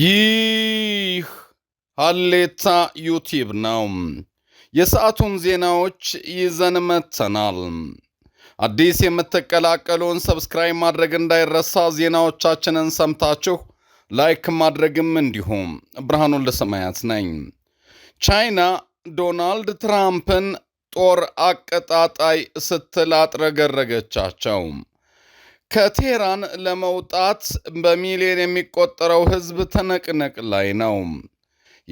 ይህ ሀሌታ ዩቲዩብ ነው። የሰዓቱን ዜናዎች ይዘን መተናል። አዲስ የምትቀላቀሉን ሰብስክራይብ ማድረግ እንዳይረሳ፣ ዜናዎቻችንን ሰምታችሁ ላይክ ማድረግም እንዲሁም። ብርሃኑን ለሰማያት ነኝ። ቻይና ዶናልድ ትራምፕን ጦር አቀጣጣይ ስትል አጥረገረገቻቸው። ከቴህራን ለመውጣት በሚሊዮን የሚቆጠረው ሕዝብ ትንቅንቅ ላይ ነው።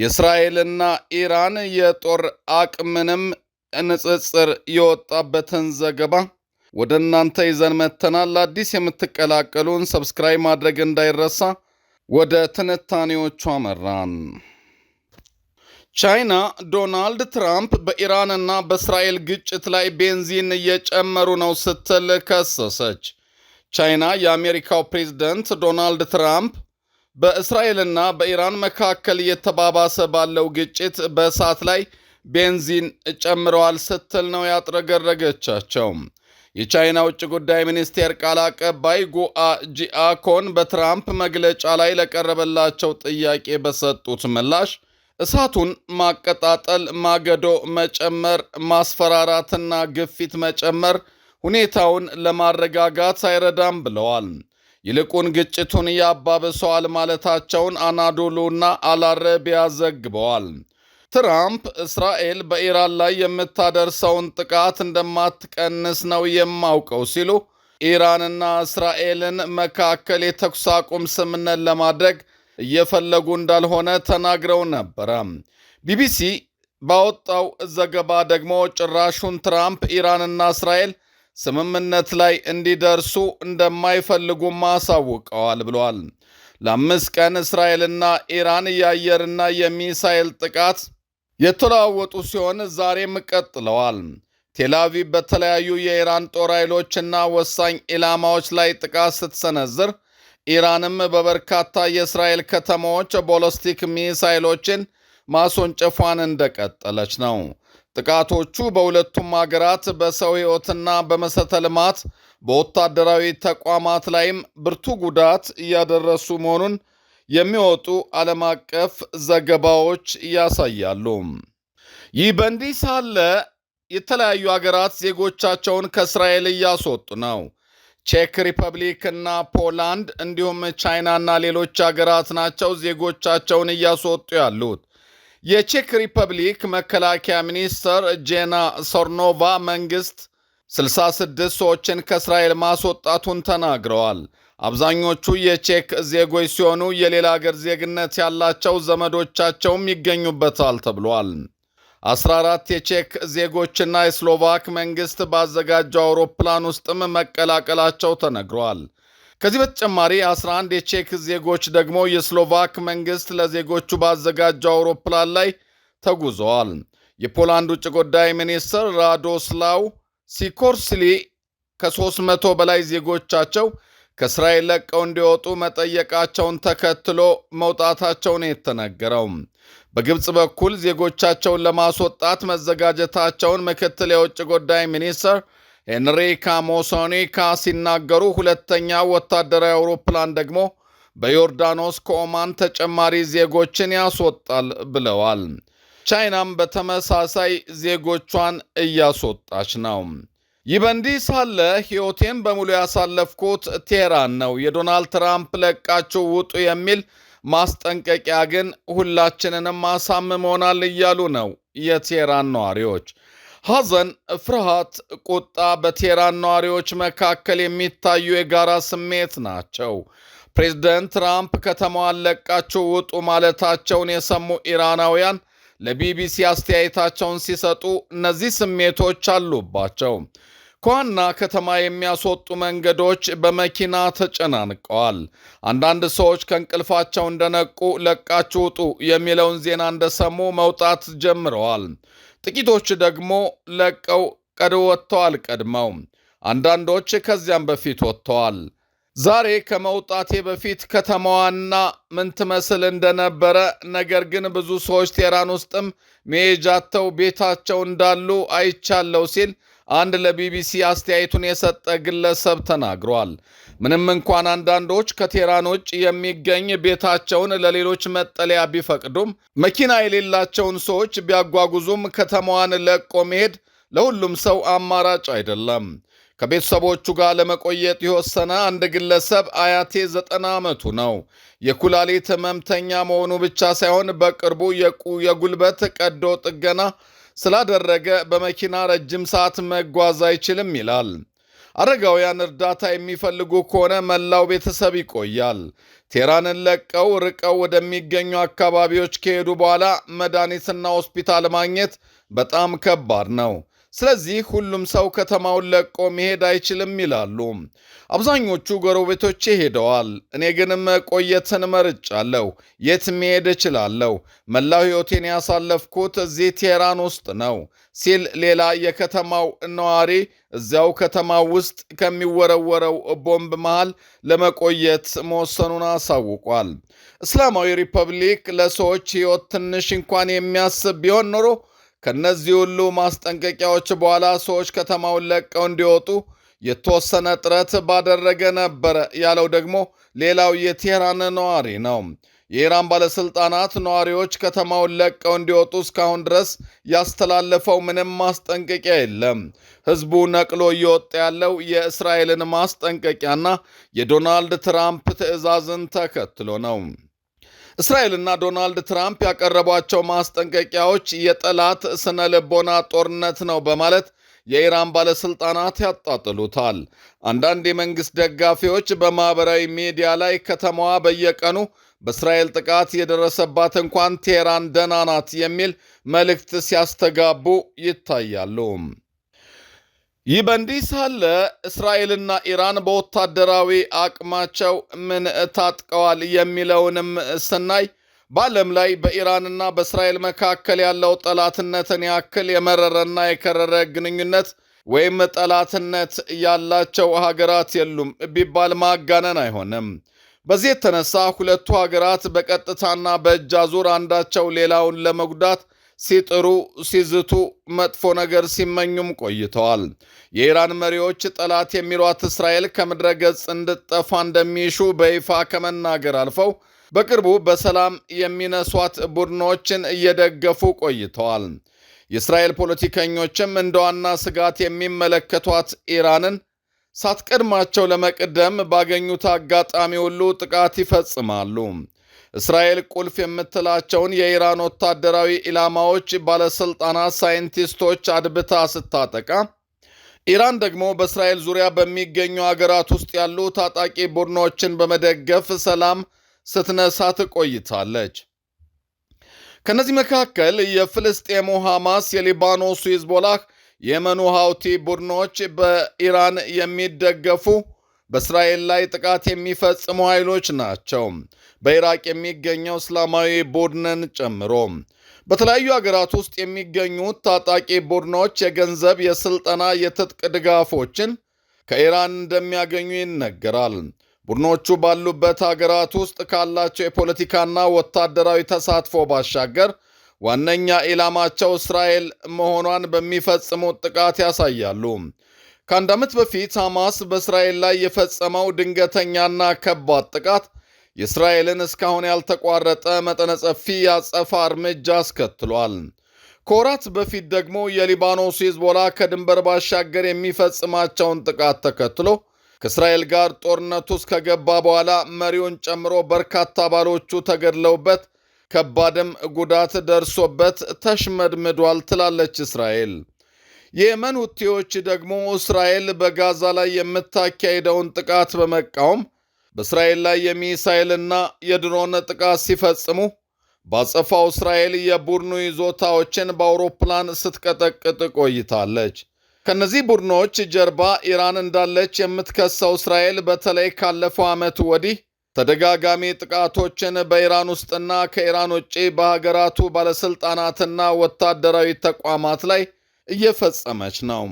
የእስራኤልና ኢራን የጦር አቅምንም ንጽጽር የወጣበትን ዘገባ ወደ እናንተ ይዘን መተናል። አዲስ የምትቀላቀሉን ሰብስክራይብ ማድረግ እንዳይረሳ። ወደ ትንታኔዎቹ አመራን። ቻይና ዶናልድ ትራምፕ በኢራንና በእስራኤል ግጭት ላይ ቤንዚን እየጨመሩ ነው ስትል ከሰሰች። ቻይና የአሜሪካው ፕሬዝደንት ዶናልድ ትራምፕ በእስራኤልና በኢራን መካከል እየተባባሰ ባለው ግጭት በእሳት ላይ ቤንዚን ጨምረዋል ስትል ነው ያጥረገረገቻቸው። የቻይና ውጭ ጉዳይ ሚኒስቴር ቃል አቀባይ ጉአ ጂአኮን በትራምፕ መግለጫ ላይ ለቀረበላቸው ጥያቄ በሰጡት ምላሽ እሳቱን ማቀጣጠል፣ ማገዶ መጨመር፣ ማስፈራራትና ግፊት መጨመር ሁኔታውን ለማረጋጋት አይረዳም ብለዋል። ይልቁን ግጭቱን እያባበሰዋል ማለታቸውን አናዶሎና አላረቢያ ዘግበዋል። ትራምፕ እስራኤል በኢራን ላይ የምታደርሰውን ጥቃት እንደማትቀንስ ነው የማውቀው ሲሉ ኢራንና እስራኤልን መካከል የተኩስ አቁም ስምነት ለማድረግ እየፈለጉ እንዳልሆነ ተናግረው ነበረ። ቢቢሲ ባወጣው ዘገባ ደግሞ ጭራሹን ትራምፕ ኢራንና እስራኤል ስምምነት ላይ እንዲደርሱ እንደማይፈልጉም አሳውቀዋል ብለዋል። ለአምስት ቀን እስራኤልና ኢራን የአየርና የሚሳኤል ጥቃት የተለዋወጡ ሲሆን ዛሬም ቀጥለዋል። ቴላቪቭ በተለያዩ የኢራን ጦር ኃይሎችና ወሳኝ ኢላማዎች ላይ ጥቃት ስትሰነዝር፣ ኢራንም በበርካታ የእስራኤል ከተማዎች ቦሎስቲክ ሚሳይሎችን ማስወንጨፏን እንደቀጠለች ነው። ጥቃቶቹ በሁለቱም አገራት በሰው ሕይወትና በመሠረተ ልማት በወታደራዊ ተቋማት ላይም ብርቱ ጉዳት እያደረሱ መሆኑን የሚወጡ ዓለም አቀፍ ዘገባዎች ያሳያሉ። ይህ በእንዲህ ሳለ የተለያዩ አገራት ዜጎቻቸውን ከእስራኤል እያስወጡ ነው። ቼክ ሪፐብሊክ እና ፖላንድ እንዲሁም ቻይናና ሌሎች አገራት ናቸው ዜጎቻቸውን እያስወጡ ያሉት። የቼክ ሪፐብሊክ መከላከያ ሚኒስትር ጄና ሶርኖቫ መንግስት 66 ሰዎችን ከእስራኤል ማስወጣቱን ተናግረዋል። አብዛኞቹ የቼክ ዜጎች ሲሆኑ የሌላ አገር ዜግነት ያላቸው ዘመዶቻቸውም ይገኙበታል ተብሏል። 14 የቼክ ዜጎችና የስሎቫክ መንግስት ባዘጋጀው አውሮፕላን ውስጥም መቀላቀላቸው ተነግሯል። ከዚህ በተጨማሪ 11 የቼክ ዜጎች ደግሞ የስሎቫክ መንግስት ለዜጎቹ ባዘጋጀው አውሮፕላን ላይ ተጉዘዋል። የፖላንድ ውጭ ጉዳይ ሚኒስትር ራዶስላው ሲኮርስሊ ከ300 በላይ ዜጎቻቸው ከእስራኤል ለቀው እንዲወጡ መጠየቃቸውን ተከትሎ መውጣታቸውን የተነገረው በግብፅ በኩል ዜጎቻቸውን ለማስወጣት መዘጋጀታቸውን ምክትል የውጭ ጉዳይ ሚኒስትር ሄንሪካ ሞሶኒካ ሲናገሩ፣ ሁለተኛ ወታደራዊ አውሮፕላን ደግሞ በዮርዳኖስ ከኦማን ተጨማሪ ዜጎችን ያስወጣል ብለዋል። ቻይናም በተመሳሳይ ዜጎቿን እያስወጣች ነው። ይህ በእንዲህ ሳለ ሕይወቴን በሙሉ ያሳለፍኩት ቴህራን ነው፣ የዶናልድ ትራምፕ ለቃችሁ ውጡ የሚል ማስጠንቀቂያ ግን ሁላችንንም አሳምመናል እያሉ ነው የቴህራን ነዋሪዎች። ሐዘን፣ ፍርሃት፣ ቁጣ በቴህራን ነዋሪዎች መካከል የሚታዩ የጋራ ስሜት ናቸው። ፕሬዝደንት ትራምፕ ከተማዋን ለቃችሁ ውጡ ማለታቸውን የሰሙ ኢራናውያን ለቢቢሲ አስተያየታቸውን ሲሰጡ እነዚህ ስሜቶች አሉባቸው። ከዋና ከተማ የሚያስወጡ መንገዶች በመኪና ተጨናንቀዋል። አንዳንድ ሰዎች ከእንቅልፋቸው እንደነቁ ለቃችሁ ውጡ የሚለውን ዜና እንደሰሙ መውጣት ጀምረዋል። ጥቂቶች ደግሞ ለቀው ቀድ ወጥተዋል። ቀድመው አንዳንዶች ከዚያም በፊት ወጥተዋል። ዛሬ ከመውጣቴ በፊት ከተማዋና ምን ትመስል እንደነበረ ነገር ግን ብዙ ሰዎች ቴህራን ውስጥም መሄጃተው ቤታቸው እንዳሉ አይቻለው ሲል አንድ ለቢቢሲ አስተያየቱን የሰጠ ግለሰብ ተናግሯል። ምንም እንኳን አንዳንዶች ከቴራን ውጭ የሚገኝ ቤታቸውን ለሌሎች መጠለያ ቢፈቅዱም መኪና የሌላቸውን ሰዎች ቢያጓጉዙም ከተማዋን ለቆ መሄድ ለሁሉም ሰው አማራጭ አይደለም። ከቤተሰቦቹ ጋር ለመቆየት የወሰነ አንድ ግለሰብ አያቴ ዘጠና ዓመቱ ነው። የኩላሊት ህመምተኛ መሆኑ ብቻ ሳይሆን በቅርቡ የጉልበት ቀዶ ጥገና ስላደረገ በመኪና ረጅም ሰዓት መጓዝ አይችልም ይላል። አረጋውያን እርዳታ የሚፈልጉ ከሆነ መላው ቤተሰብ ይቆያል። ቴራንን ለቀው ርቀው ወደሚገኙ አካባቢዎች ከሄዱ በኋላ መድኃኒትና ሆስፒታል ማግኘት በጣም ከባድ ነው። ስለዚህ ሁሉም ሰው ከተማውን ለቆ መሄድ አይችልም ይላሉ። አብዛኞቹ ጎረቤቶቼ ሄደዋል። እኔ ግን መቆየትን መርጫለሁ። የት መሄድ እችላለሁ? መላው ሕይወቴን ያሳለፍኩት እዚህ ቴህራን ውስጥ ነው ሲል ሌላ የከተማው ነዋሪ እዚያው ከተማ ውስጥ ከሚወረወረው ቦምብ መሃል ለመቆየት መወሰኑን አሳውቋል። እስላማዊ ሪፐብሊክ ለሰዎች ሕይወት ትንሽ እንኳን የሚያስብ ቢሆን ኖሮ ከእነዚህ ሁሉ ማስጠንቀቂያዎች በኋላ ሰዎች ከተማውን ለቀው እንዲወጡ የተወሰነ ጥረት ባደረገ ነበረ ያለው ደግሞ ሌላው የቴህራን ነዋሪ ነው። የኢራን ባለሥልጣናት ነዋሪዎች ከተማውን ለቀው እንዲወጡ እስካሁን ድረስ ያስተላለፈው ምንም ማስጠንቀቂያ የለም። ሕዝቡ ነቅሎ እየወጣ ያለው የእስራኤልን ማስጠንቀቂያና የዶናልድ ትራምፕ ትዕዛዝን ተከትሎ ነው። እስራኤልና ዶናልድ ትራምፕ ያቀረቧቸው ማስጠንቀቂያዎች የጠላት ስነ ልቦና ጦርነት ነው በማለት የኢራን ባለሥልጣናት ያጣጥሉታል። አንዳንድ የመንግሥት ደጋፊዎች በማኅበራዊ ሚዲያ ላይ ከተማዋ በየቀኑ በእስራኤል ጥቃት የደረሰባት እንኳን ቴህራን ደህና ናት የሚል መልእክት ሲያስተጋቡ ይታያሉ። ይህ በእንዲህ ሳለ እስራኤልና ኢራን በወታደራዊ አቅማቸው ምን ታጥቀዋል የሚለውንም ስናይ በዓለም ላይ በኢራንና በእስራኤል መካከል ያለው ጠላትነትን ያክል የመረረና የከረረ ግንኙነት ወይም ጠላትነት ያላቸው ሀገራት የሉም ቢባል ማጋነን አይሆንም። በዚህ የተነሳ ሁለቱ ሀገራት በቀጥታና በእጅ አዙር አንዳቸው ሌላውን ለመጉዳት ሲጥሩ ሲዝቱ መጥፎ ነገር ሲመኙም ቆይተዋል። የኢራን መሪዎች ጠላት የሚሏት እስራኤል ከምድረ ገጽ እንድጠፋ እንደሚሹ በይፋ ከመናገር አልፈው በቅርቡ በሰላም የሚነሷት ቡድኖችን እየደገፉ ቆይተዋል። የእስራኤል ፖለቲከኞችም እንደ ዋና ስጋት የሚመለከቷት ኢራንን ሳትቀድማቸው ለመቅደም ባገኙት አጋጣሚ ሁሉ ጥቃት ይፈጽማሉ። እስራኤል ቁልፍ የምትላቸውን የኢራን ወታደራዊ ኢላማዎች ባለሥልጣናት፣ ሳይንቲስቶች አድብታ ስታጠቃ ኢራን ደግሞ በእስራኤል ዙሪያ በሚገኙ አገራት ውስጥ ያሉ ታጣቂ ቡድኖችን በመደገፍ ሰላም ስትነሳ ትቆይታለች። ከእነዚህ መካከል የፍልስጤሙ ሐማስ፣ የሊባኖሱ ሂዝቦላህ፣ የመኑ ሐውቲ ቡድኖች በኢራን የሚደገፉ በእስራኤል ላይ ጥቃት የሚፈጽሙ ኃይሎች ናቸው። በኢራቅ የሚገኘው እስላማዊ ቡድንን ጨምሮ በተለያዩ ሀገራት ውስጥ የሚገኙት ታጣቂ ቡድኖች የገንዘብ፣ የስልጠና፣ የትጥቅ ድጋፎችን ከኢራን እንደሚያገኙ ይነገራል። ቡድኖቹ ባሉበት ሀገራት ውስጥ ካላቸው የፖለቲካና ወታደራዊ ተሳትፎ ባሻገር ዋነኛ ኢላማቸው እስራኤል መሆኗን በሚፈጽሙት ጥቃት ያሳያሉ። ከአንድ ዓመት በፊት ሐማስ በእስራኤል ላይ የፈጸመው ድንገተኛና ከባድ ጥቃት የእስራኤልን እስካሁን ያልተቋረጠ መጠነ ሰፊ የአጸፋ እርምጃ አስከትሏል። ከወራት በፊት ደግሞ የሊባኖስ ሂዝቦላ ከድንበር ባሻገር የሚፈጽማቸውን ጥቃት ተከትሎ ከእስራኤል ጋር ጦርነቱ ውስጥ ከገባ በኋላ መሪውን ጨምሮ በርካታ አባሎቹ ተገድለውበት ከባድም ጉዳት ደርሶበት ተሽመድምዷል ትላለች እስራኤል። የየመን ሁቲዎች ደግሞ እስራኤል በጋዛ ላይ የምታካሄደውን ጥቃት በመቃወም በእስራኤል ላይ የሚሳኤልና የድሮን ጥቃት ሲፈጽሙ ባጸፋው እስራኤል የቡድኑ ይዞታዎችን በአውሮፕላን ስትቀጠቅጥ ቆይታለች። ከእነዚህ ቡድኖች ጀርባ ኢራን እንዳለች የምትከሰው እስራኤል በተለይ ካለፈው ዓመት ወዲህ ተደጋጋሚ ጥቃቶችን በኢራን ውስጥና ከኢራን ውጪ በሀገራቱ ባለሥልጣናትና ወታደራዊ ተቋማት ላይ እየፈጸመች ነው።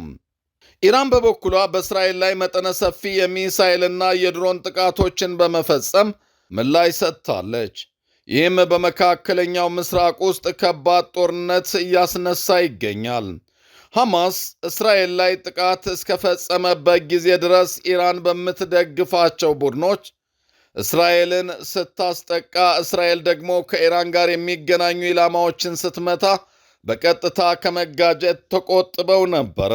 ኢራን በበኩሏ በእስራኤል ላይ መጠነ ሰፊ የሚሳይልና የድሮን ጥቃቶችን በመፈጸም ምላሽ ሰጥታለች። ይህም በመካከለኛው ምስራቅ ውስጥ ከባድ ጦርነት እያስነሳ ይገኛል። ሐማስ እስራኤል ላይ ጥቃት እስከፈጸመበት ጊዜ ድረስ ኢራን በምትደግፋቸው ቡድኖች እስራኤልን ስታስጠቃ፣ እስራኤል ደግሞ ከኢራን ጋር የሚገናኙ ኢላማዎችን ስትመታ በቀጥታ ከመጋጀት ተቆጥበው ነበረ።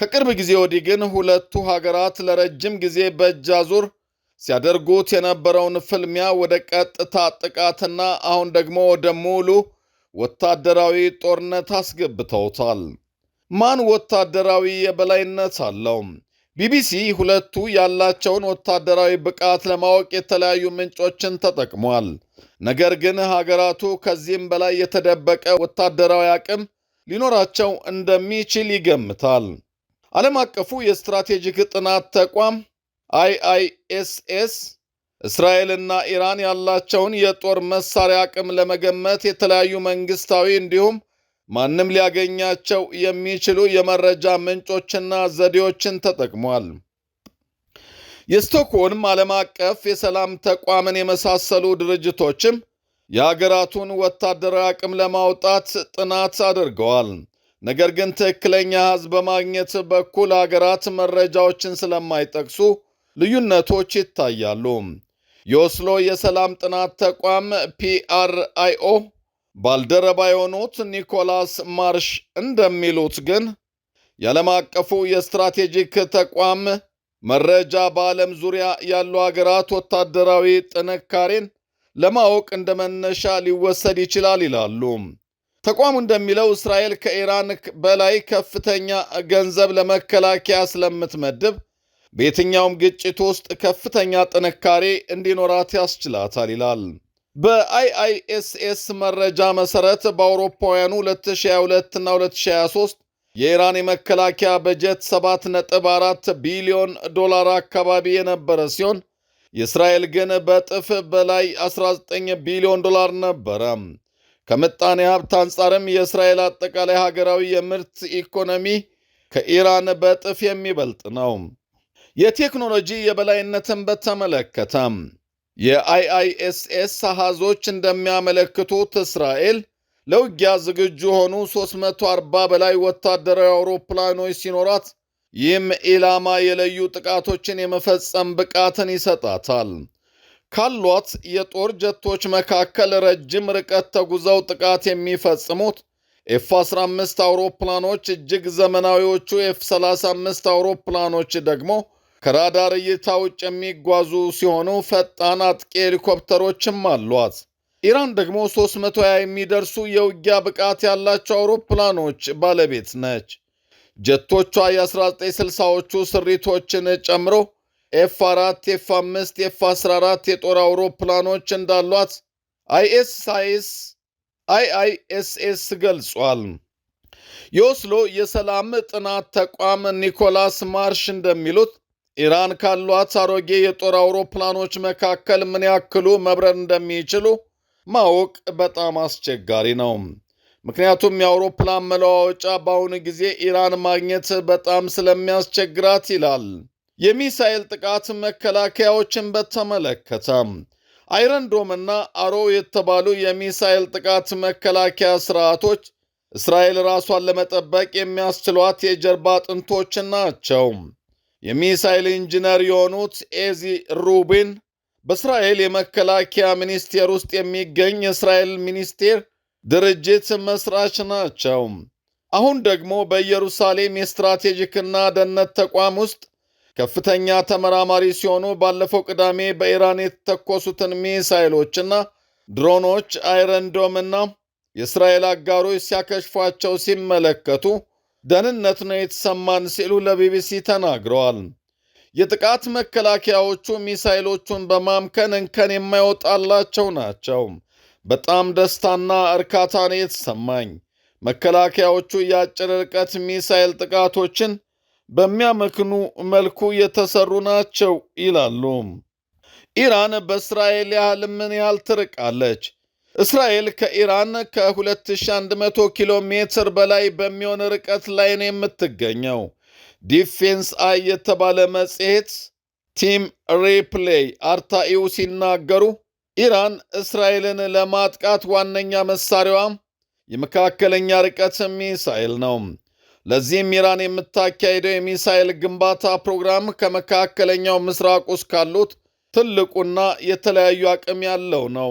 ከቅርብ ጊዜ ወዲህ ግን ሁለቱ ሀገራት ለረጅም ጊዜ በእጅ አዙር ሲያደርጉት የነበረውን ፍልሚያ ወደ ቀጥታ ጥቃትና አሁን ደግሞ ወደ ሙሉ ወታደራዊ ጦርነት አስገብተውታል። ማን ወታደራዊ የበላይነት አለው? ቢቢሲ ሁለቱ ያላቸውን ወታደራዊ ብቃት ለማወቅ የተለያዩ ምንጮችን ተጠቅሟል። ነገር ግን ሀገራቱ ከዚህም በላይ የተደበቀ ወታደራዊ አቅም ሊኖራቸው እንደሚችል ይገምታል። ዓለም አቀፉ የስትራቴጂክ ጥናት ተቋም አይአይኤስኤስ እስራኤልና ኢራን ያላቸውን የጦር መሳሪያ አቅም ለመገመት የተለያዩ መንግስታዊ እንዲሁም ማንም ሊያገኛቸው የሚችሉ የመረጃ ምንጮችና ዘዴዎችን ተጠቅሟል። የስቶክሆልም ዓለም አቀፍ የሰላም ተቋምን የመሳሰሉ ድርጅቶችም የሀገራቱን ወታደራዊ አቅም ለማውጣት ጥናት አድርገዋል። ነገር ግን ትክክለኛ ሕዝብ በማግኘት በኩል አገራት መረጃዎችን ስለማይጠቅሱ ልዩነቶች ይታያሉ። የኦስሎ የሰላም ጥናት ተቋም ፒአርአይኦ ባልደረባ የሆኑት ኒኮላስ ማርሽ እንደሚሉት ግን የዓለም አቀፉ የስትራቴጂክ ተቋም መረጃ በዓለም ዙሪያ ያሉ አገራት ወታደራዊ ጥንካሬን ለማወቅ እንደ መነሻ ሊወሰድ ይችላል ይላሉ። ተቋሙ እንደሚለው እስራኤል ከኢራን በላይ ከፍተኛ ገንዘብ ለመከላከያ ስለምትመድብ በየትኛውም ግጭት ውስጥ ከፍተኛ ጥንካሬ እንዲኖራት ያስችላታል ይላል። በአይአይኤስኤስ መረጃ መሰረት በአውሮፓውያኑ 2022 እና 2023 የኢራን የመከላከያ በጀት 7.4 ቢሊዮን ዶላር አካባቢ የነበረ ሲሆን የእስራኤል ግን በጥፍ በላይ 19 ቢሊዮን ዶላር ነበረ። ከምጣኔ ሀብት አንጻርም የእስራኤል አጠቃላይ ሀገራዊ የምርት ኢኮኖሚ ከኢራን በእጥፍ የሚበልጥ ነው። የቴክኖሎጂ የበላይነትን በተመለከተም የአይአይኤስኤስ አሃዞች እንደሚያመለክቱት እስራኤል ለውጊያ ዝግጁ ሆኑ 340 በላይ ወታደራዊ አውሮፕላኖች ሲኖራት ይህም ኢላማ የለዩ ጥቃቶችን የመፈጸም ብቃትን ይሰጣታል። ካሏት የጦር ጀቶች መካከል ረጅም ርቀት ተጉዘው ጥቃት የሚፈጽሙት ኤፍ 15 አውሮፕላኖች እጅግ ዘመናዊዎቹ ኤፍ 35 አውሮፕላኖች ደግሞ ከራዳር እይታ ውጭ የሚጓዙ ሲሆኑ ፈጣን አጥቂ ሄሊኮፕተሮችም አሏት። ኢራን ደግሞ 320 የሚደርሱ የውጊያ ብቃት ያላቸው አውሮፕላኖች ባለቤት ነች። ጀቶቿ የ1960ዎቹ ስሪቶችን ጨምሮ ኤፍ አራት ኤፍ አምስት ኤፍ አስራ አራት የጦር አውሮፕላኖች እንዳሏት አይኤስአይኤስ አይአይኤስኤስ ገልጿል። የኦስሎ የሰላም ጥናት ተቋም ኒኮላስ ማርሽ እንደሚሉት ኢራን ካሏት አሮጌ የጦር አውሮፕላኖች መካከል ምን ያክሉ መብረር እንደሚችሉ ማወቅ በጣም አስቸጋሪ ነው። ምክንያቱም የአውሮፕላን መለዋወጫ በአሁኑ ጊዜ ኢራን ማግኘት በጣም ስለሚያስቸግራት ይላል። የሚሳኤል ጥቃት መከላከያዎችን በተመለከተ አይረንዶምና አሮ የተባሉ የሚሳኤል ጥቃት መከላከያ ስርዓቶች እስራኤል ራሷን ለመጠበቅ የሚያስችሏት የጀርባ አጥንቶች ናቸው። የሚሳኤል ኢንጂነር የሆኑት ኤዚ ሩቢን በእስራኤል የመከላከያ ሚኒስቴር ውስጥ የሚገኝ የእስራኤል ሚኒስቴር ድርጅት መስራች ናቸው። አሁን ደግሞ በኢየሩሳሌም የስትራቴጂክና ደህንነት ተቋም ውስጥ ከፍተኛ ተመራማሪ ሲሆኑ ባለፈው ቅዳሜ በኢራን የተተኮሱትን ሚሳይሎችና ድሮኖች አይረንዶምና የእስራኤል አጋሮች ሲያከሽፏቸው ሲመለከቱ ደህንነት ነው የተሰማን ሲሉ ለቢቢሲ ተናግረዋል። የጥቃት መከላከያዎቹ ሚሳይሎቹን በማምከን እንከን የማይወጣላቸው ናቸው። በጣም ደስታና እርካታ ነው የተሰማኝ። መከላከያዎቹ የአጭር ርቀት ሚሳይል ጥቃቶችን በሚያመክኑ መልኩ የተሰሩ ናቸው ይላሉ። ኢራን በእስራኤል ያህል ምን ያህል ትርቃለች? እስራኤል ከኢራን ከ2100 ኪሎ ሜትር በላይ በሚሆን ርቀት ላይ ነው የምትገኘው። ዲፌንስ አይ የተባለ መጽሔት ቲም ሪፕሌይ አርታኢው ሲናገሩ ኢራን እስራኤልን ለማጥቃት ዋነኛ መሳሪያዋ የመካከለኛ ርቀት ሚሳኤል ነው። ለዚህም ኢራን የምታካሄደው የሚሳኤል ግንባታ ፕሮግራም ከመካከለኛው ምስራቅ ውስጥ ካሉት ትልቁና የተለያዩ አቅም ያለው ነው።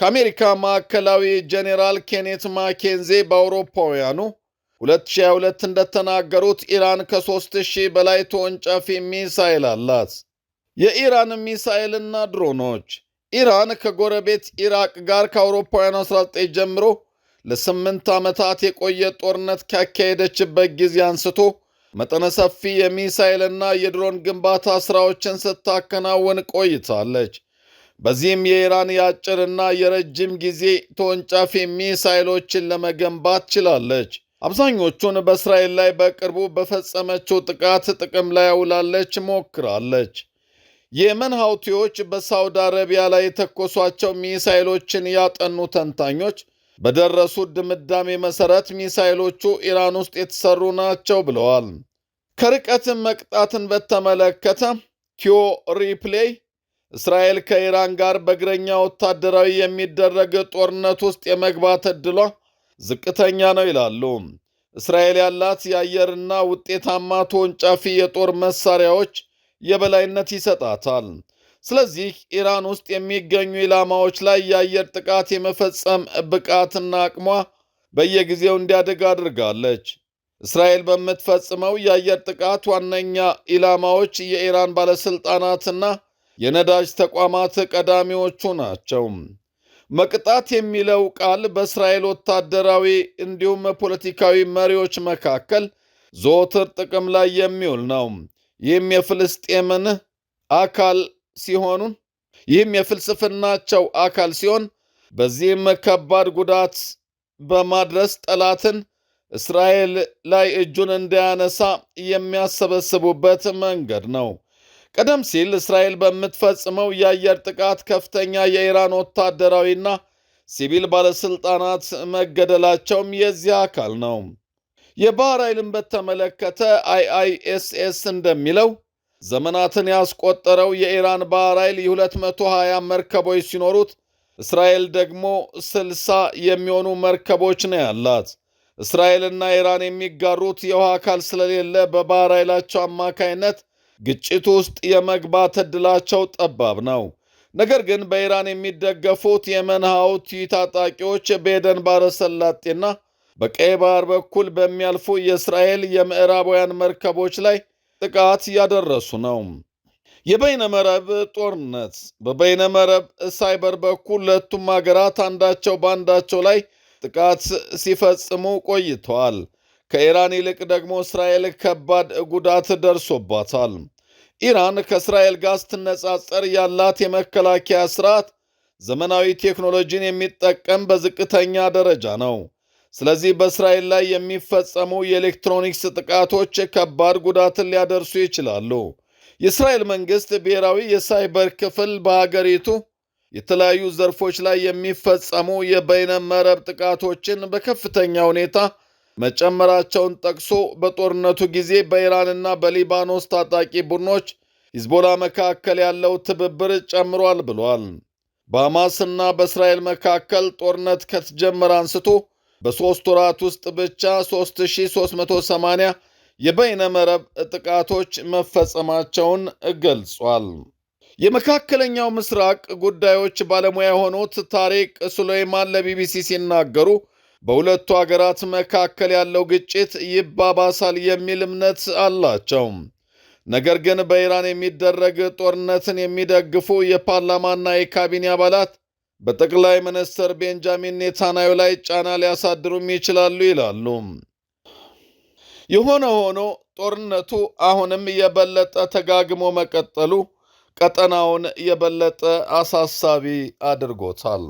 ከአሜሪካ ማዕከላዊ ጄኔራል ኬኔት ማኬንዜ በአውሮፓውያኑ 2022 እንደተናገሩት ኢራን ከ3000 በላይ ተወንጫፊ ሚሳኤል አላት። የኢራን ሚሳይልና ድሮኖች ኢራን ከጎረቤት ኢራቅ ጋር ከአውሮፓውያኑ 19 ጀምሮ ለስምንት ዓመታት የቆየ ጦርነት ካካሄደችበት ጊዜ አንስቶ መጠነ ሰፊ የሚሳይልና የድሮን ግንባታ ሥራዎችን ስታከናውን ቆይታለች። በዚህም የኢራን የአጭርና የረጅም ጊዜ ተወንጫፊ ሚሳይሎችን ለመገንባት ችላለች። አብዛኞቹን በእስራኤል ላይ በቅርቡ በፈጸመችው ጥቃት ጥቅም ላይ አውላለች ሞክራለች። የየመን ሐውቲዎች በሳውዲ አረቢያ ላይ የተኮሷቸው ሚሳይሎችን ያጠኑ ተንታኞች በደረሱት ድምዳሜ መሠረት ሚሳይሎቹ ኢራን ውስጥ የተሰሩ ናቸው ብለዋል። ከርቀትን መቅጣትን በተመለከተ ኪዮ ሪፕሌይ እስራኤል ከኢራን ጋር በእግረኛ ወታደራዊ የሚደረግ ጦርነት ውስጥ የመግባት ዕድሏ ዝቅተኛ ነው ይላሉ። እስራኤል ያላት የአየርና ውጤታማ ተወንጫፊ የጦር መሳሪያዎች የበላይነት ይሰጣታል። ስለዚህ ኢራን ውስጥ የሚገኙ ኢላማዎች ላይ የአየር ጥቃት የመፈጸም ብቃትና አቅሟ በየጊዜው እንዲያድግ አድርጋለች። እስራኤል በምትፈጽመው የአየር ጥቃት ዋነኛ ኢላማዎች የኢራን ባለሥልጣናትና የነዳጅ ተቋማት ቀዳሚዎቹ ናቸው። መቅጣት የሚለው ቃል በእስራኤል ወታደራዊ እንዲሁም ፖለቲካዊ መሪዎች መካከል ዘወትር ጥቅም ላይ የሚውል ነው። ይህም የፍልስጤምን አካል ሲሆኑ ይህም የፍልስፍናቸው አካል ሲሆን በዚህም ከባድ ጉዳት በማድረስ ጠላትን እስራኤል ላይ እጁን እንዳያነሳ የሚያሰበስቡበት መንገድ ነው። ቀደም ሲል እስራኤል በምትፈጽመው የአየር ጥቃት ከፍተኛ የኢራን ወታደራዊና ሲቪል ባለሥልጣናት መገደላቸውም የዚህ አካል ነው። የባህር ኃይልን በተመለከተ አይአይኤስኤስ እንደሚለው ዘመናትን ያስቆጠረው የኢራን ባህር ኃይል የ220 መርከቦች ሲኖሩት እስራኤል ደግሞ 60 የሚሆኑ መርከቦች ነው ያላት። እስራኤልና ኢራን የሚጋሩት የውሃ አካል ስለሌለ በባህር ኃይላቸው አማካይነት ግጭት ውስጥ የመግባት ዕድላቸው ጠባብ ነው። ነገር ግን በኢራን የሚደገፉት የመን ሐውቲ ታጣቂዎች በኤደን ባሕረ ሰላጤና በቀይ ባህር በኩል በሚያልፉ የእስራኤል የምዕራባውያን መርከቦች ላይ ጥቃት እያደረሱ ነው። የበይነ መረብ ጦርነት በበይነ መረብ ሳይበር በኩል ሁለቱም ሀገራት አንዳቸው በአንዳቸው ላይ ጥቃት ሲፈጽሙ ቆይተዋል። ከኢራን ይልቅ ደግሞ እስራኤል ከባድ ጉዳት ደርሶባታል። ኢራን ከእስራኤል ጋር ስትነጻጸር ያላት የመከላከያ ስርዓት ዘመናዊ ቴክኖሎጂን የሚጠቀም በዝቅተኛ ደረጃ ነው። ስለዚህ በእስራኤል ላይ የሚፈጸሙ የኤሌክትሮኒክስ ጥቃቶች ከባድ ጉዳትን ሊያደርሱ ይችላሉ። የእስራኤል መንግሥት ብሔራዊ የሳይበር ክፍል በአገሪቱ የተለያዩ ዘርፎች ላይ የሚፈጸሙ የበይነ መረብ ጥቃቶችን በከፍተኛ ሁኔታ መጨመራቸውን ጠቅሶ በጦርነቱ ጊዜ በኢራንና በሊባኖስ ታጣቂ ቡድኖች ሂዝቦላ መካከል ያለው ትብብር ጨምሯል ብሏል። በሐማስና በእስራኤል መካከል ጦርነት ከተጀመረ አንስቶ በሦስት ወራት ውስጥ ብቻ 3380 የበይነ መረብ ጥቃቶች መፈጸማቸውን ገልጿል። የመካከለኛው ምስራቅ ጉዳዮች ባለሙያ የሆኑት ታሪክ ሱሌይማን ለቢቢሲ ሲናገሩ በሁለቱ አገራት መካከል ያለው ግጭት ይባባሳል የሚል እምነት አላቸው። ነገር ግን በኢራን የሚደረግ ጦርነትን የሚደግፉ የፓርላማና የካቢኔ አባላት በጠቅላይ ሚኒስትር ቤንጃሚን ኔታንያሁ ላይ ጫና ሊያሳድሩም ይችላሉ ይላሉ። የሆነ ሆኖ ጦርነቱ አሁንም የበለጠ ተጋግሞ መቀጠሉ ቀጠናውን የበለጠ አሳሳቢ አድርጎታል።